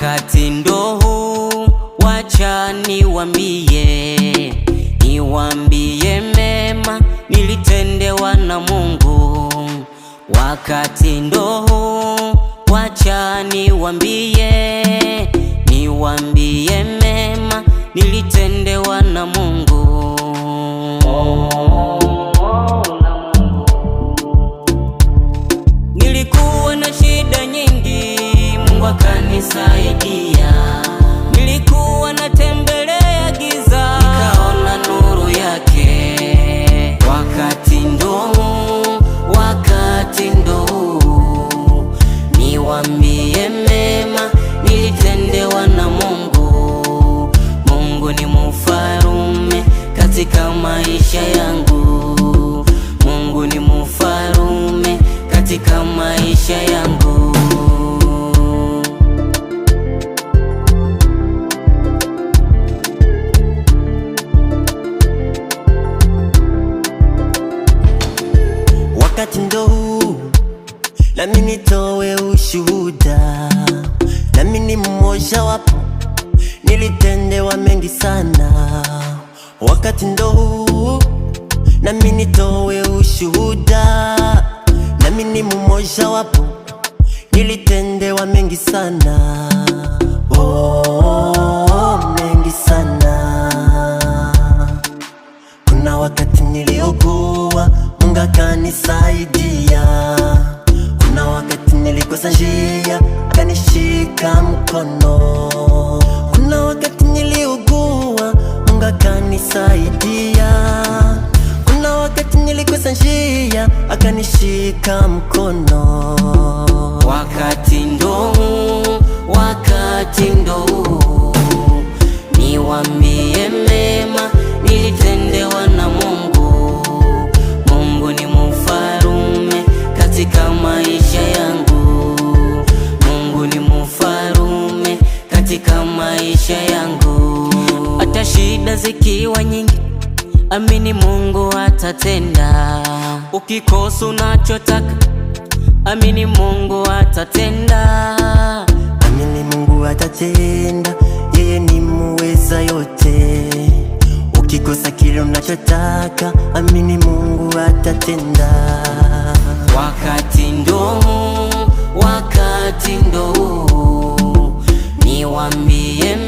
Wakati ndo huu, wacha niwambie, niwambie mema nilitendewa na Mungu. Wakati ndo huu, wacha niwambie, niwambie ukanisaidia. Nilikuwa natembelea giza, nikaona nuru yake. Wakati ndo wakati ndo niwambie mema nilitendewa na Mungu. Mungu ni mufarume katika maisha yangu. Mungu ni mufarume katika maisha yangu. mwendo huu, nami nitowe ushuhuda, nami ni mmoja wapo, nilitendewa mengi sana wakati ndo huu, nami nitowe ushuhuda, nami ni mmoja wapo, nilitendewa mengi sana oh. akanisaidia. Kuna wakati nilikosa njia, akanishika mkono. Kuna wakati niliugua, Mungu akanisaidia. Kuna wakati nilikosa njia, akanishika mkono. Wakati ndo, wakati ndo niwambie katika maisha yangu, hata shida zikiwa nyingi, amini Mungu atatenda. Ukikosa unachotaka, amini Mungu atatenda, amini Mungu atatenda, yeye ni muweza yote. Ukikosa kile unachotaka, amini Mungu atatenda. Wakati ndo wakati ndo I'm being